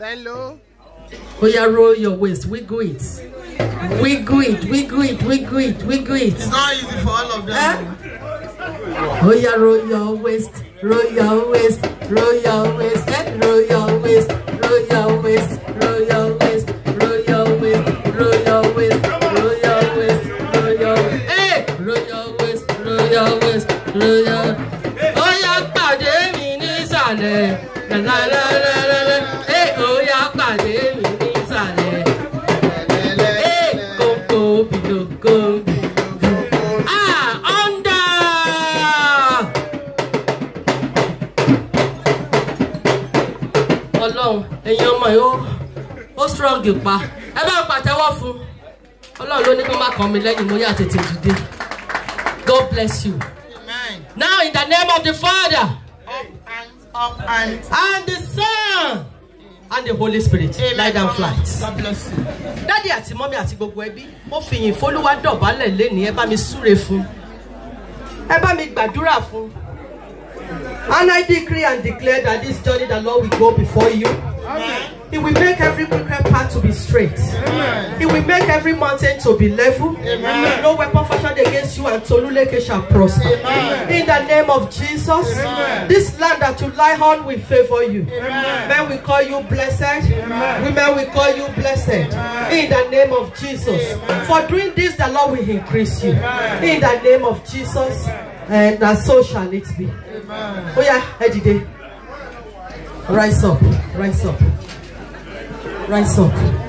Hello. low. Oh yeah, roll your waist. We Wiggle it. We Wiggle it. We Wiggle it. We Wiggle it. We Wiggle it. It's not easy for all of them. Eh? Oh yeah, roll your waist. Roll your waist. Roll your waist. Eh? Roll your waist. Roll your waist. Roll your waist. Roll your waist. Roll your waist. Roll your waist. Roll your waist. Roll your waist. Roll your waist. Oh yeah, pàdé mi nísàlẹ̀. La la la la la. ọlọ́run ẹ̀yin ọmọ yìí ó strong pa ẹ bá ń pàtẹ́wọ́ fún ọlọ́run ló ní kí wọ́n má kàn mí lẹ́yìn mo yà tètè dìde God bless you now in the name of the Father up and, up and, the Son and the Holy Spirit Amen. lie down flat dádì àti mọ́mí àti gbogbo ẹbí mo fìyìn fólúwá dọ̀bálẹ̀ lẹ́ni ẹ bá mi súre fún ẹ bá mi gbàdúrà fún. And I decree and declare that this journey the Lord will go before you. Amen. It will make every crooked path to be straight. Amen. It will make every mountain to be level. Amen. No weapon fashioned against you and Toluleke shall prosper. Amen. In the name of Jesus, Amen. this land that you lie on will favor you. Amen. Men will call you blessed. Amen. Women will call you blessed. Amen. In the name of Jesus. Amen. For doing this, the Lord will increase you. Amen. In the name of Jesus. Amen. and that so shall it be. Amen. Oh yeah, ẹ eh, dìde. Rise up, rise up, rise up.